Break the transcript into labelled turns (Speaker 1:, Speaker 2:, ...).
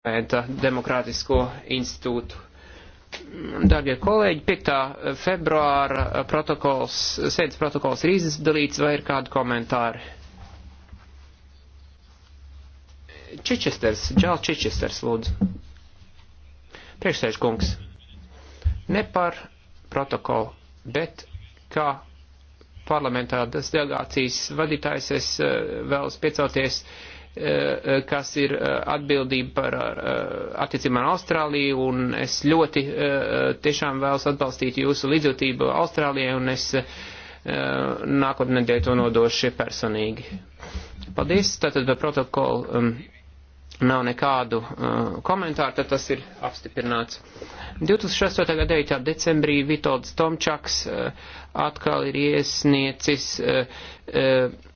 Speaker 1: parlamenta demokrātisko institūtu. Darbie kolēģi, 5. februāra protokols, sēdes protokols ir izdalīts, vai ir kādi komentāri? Čičesters, Džāls Čičesters, lūdzu. Priekšsēžkungs, ne par protokolu, bet kā parlamentārās delegācijas vadītājs es eh, vēlos piecelties uh, Eh, eh, kas ir eh, atbildība par attiecībām ar Austrāliju, un es ļoti tiešām vēlos atbalstīt jūsu līdzjūtību Austrālijai, un es nākotnē dēļ to nodošu personīgi. Paldies, tātad par protokolu um, nav nekādu uh, komentāru, tad tas ir apstiprināts. 2008. gada 9. decembrī Vitolds Tomčaks uh, atkal ir iesniecis uh,